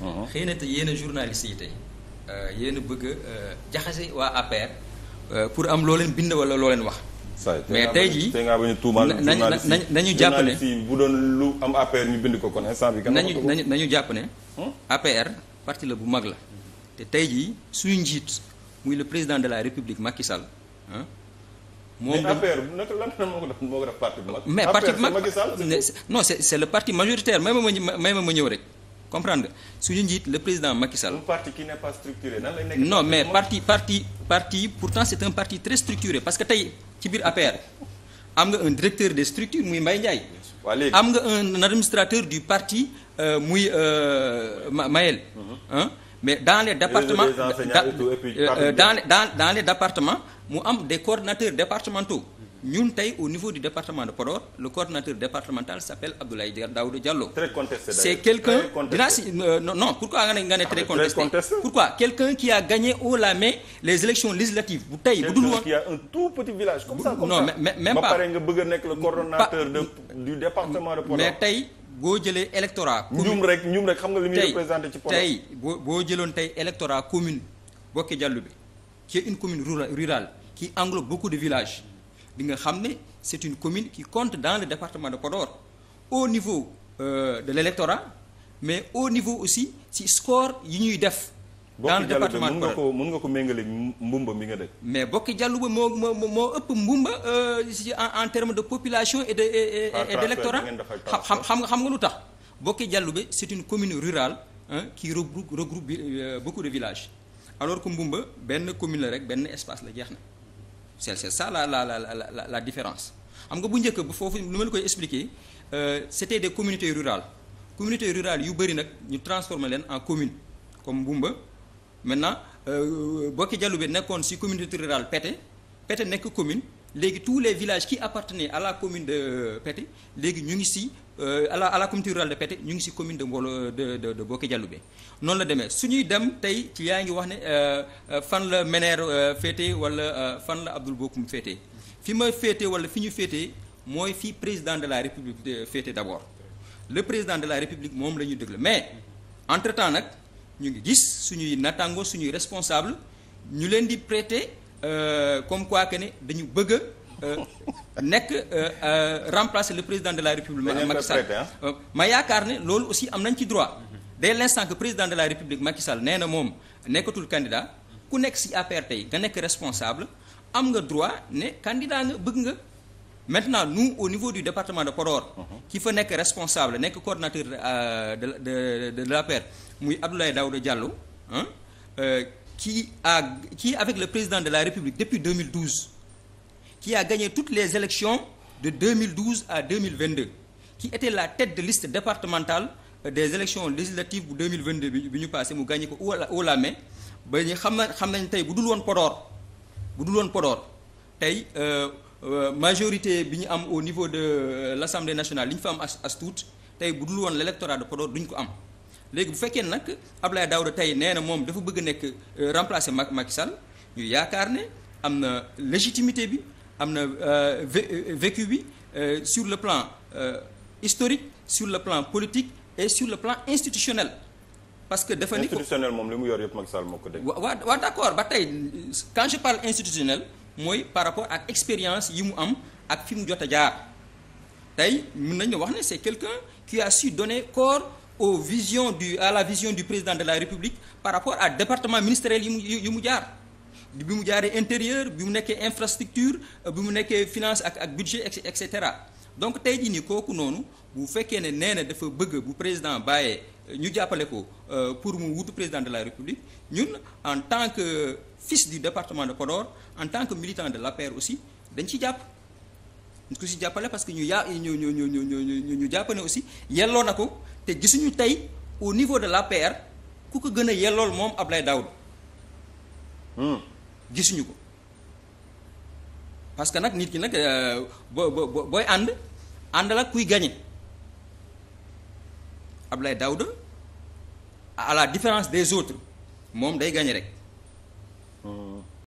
Uh-huh. xëy na te yéen a journaliste yi tey euh, yéen bëgg a euh, jaxase waa APR euh, pour am loo leen bind wala loo leen wax. mais tey jii tey ngaa bañ a tuumaal nañu jàpp ne bu doon lu am APR ñu bind ko kon instant bi. nañu nañu nañu jàpp ne. Hmm? APR parti la bu mag la. te tey jii suñu njiit muy le président de la république Macky Sall moom la mais parti bu mag non c'est c'est le parti majoritaire may ma ma may ma ñëw rek. comprendre nga suñu njiit le président Macky Sall. parti qui n'est pas structuré nan lay non mais parti parti parti pourtant c'est un parti très structuré parce que tey ci biir APR am nga un directeur des structures muy Mbaye Ndiaye. am nga un administrateur du parti euh, muy euh, Mayel. Mhm. mais dans les départements euh, dans dans dans les départements mu am des coordonnateurs départementaux. ñun tey au niveau du département de Podor le coordinateur départemental s'appelle Abdoulaye Daouda Diallo. très contesté c'est quelqu'un dinaa si euh, non pourquoi nga ne nga ne très contesté pourquoi quelqu'un qui a gagné haut la main les élections législatives bu tey bu dul woon a un tout petit village comme ça comme ça non même pas ba pare nga bëgg a nekk le coordonnateur du département de Podor mais tey boo jëlee électorat ñum rek ñum rek xam nga li muy représenté ci Podor tey boo jëloon tey électorat commune Boké Diallo bi qui une commune rurale qui englobe beaucoup de bi nga xam ne c'est une commune qui compte dans le département de Podor au niveau euh, de l'électorat mais au niveau aussi ci score yi ñuy def. dans le département de Podor bokk nga ko méngale Mbumba mi nga def. mais bokk jàll ba moo moo moo ëpp Mbumba ci euh, en terme de population et de et, et, et xam xam nga xam nga lu tax. Boké Dialoubé c'est une commune rural hein, qui regroupe, regroupe euh, beaucoup de village alors que Mboumba benn commune la rek benn espace la jeex na c'est c'est ça la la la la différence xam nga bu njëkk bu foofu lu ma la koy expliquer euh, c'était de communautés rurales communautés rurales yu bëri nag ñu transformer leen en commune comme Mbumba maintenant euh, Bokki Dialoubé nekkoon si communauté rurale Pété Pété nekk commune léegi tous les villages qui appartenaient à la commune de euh, Pété léegi ñu ngi si Euh, à la à la communauté de Pété ñu ngi ci commune de Mbolo de de de Boké Dialoubé noonu la demee su ñuy dem tey ci yaa ngi wax ne euh, euh, fan la Mener féete wala fan la Abdoul bokkum féete fi ma féete wala fi ñu féete mooy fi président de la République féete d'abord le président de la République moom la ñuy déglu mais entre nag ñu ngi gis suñuy natango suñuy responsable ñu leen di prêter comme quoi que ne dañu bëgg Euh, nekk euh, euh, remplacer le président de la république Macky Sall ma yaakaar ne loolu aussi am nañ ci droit dès l'instant que président de la république Macky Sall nee na moom nekkatul candidat ku nekk si APR tey nga nekk responsable am nga droit ne candidat nga bëgg nga maintenant nous au niveau du département de Podor ki uh-huh. fa nekk responsable nekk coordonnateur de de de de l'APR muy Abdoulaye Daouda Diallo ah qui a qui avec le président de la République depuis 2012 qui a gagné toutes les élections de 2012 à 2022 qui était la tête de liste départementale euh, des élections législatives bu 2022 bi ñu passé mu gagné ko au la main ba ñu xam na xam nañ tey bu dul woon Podor bu dul woon Podor tey euh, euh, majorité bi ñu am au niveau de l'Assemblée nationale li ñu fa am as as tey bu dul woon l'électorat de Podor duñ ko am léegi bu fekkee nag Abdoulaye Daouda tey nee na moom dafa bëgg nekk remplacer Macky Sall ñu yaakaar ne am na légitimité bi am na euh, euh, vécu bi euh, sur le plan historique sur le plan politique et sur le plan institutionnel parce que dafa ni institutionnel moom li mu yor yëpp Macky Sall moo ko dégg. waaw waaw d'accord ba tey quand je parle institutionnel mooy par rapport ak expérience yi mu am ak fi mu jot a jaar tey mën nañu wax ne c'est quelqu'un qui a su donner corps aux visions du à la vision du président de la République par rapport à département ministériel yi mu yi mu jaar. bi mu jaaree intérieur bi mu nekkee infrastructure bi mu nekkee finance ak ak budget et cetera donc tey jii nii kooku noonu bu fekkee ne nee na dafa bëgg bu président bàyyee ñu jàppale ko euh, pour mu wutu président de la république ñun en tant que fils du département de Podor en tant que militant de la l'APR aussi dañ ci jàpp ñu ko si jàppale parce que ñu yaa ñu ñu ñu ñu ñu jàpp ne aussi yelloo na ko te gisuñu tey au niveau de la l'APR ku ko gën a yellool moom Ablaye Daoud. Hmm. gisuñu ko parce que nag nit ki nag euh, bo bo booy ànd ànd ak kuy gagné Abdoulaye Daouda à la différence des autres moom day gagné rek.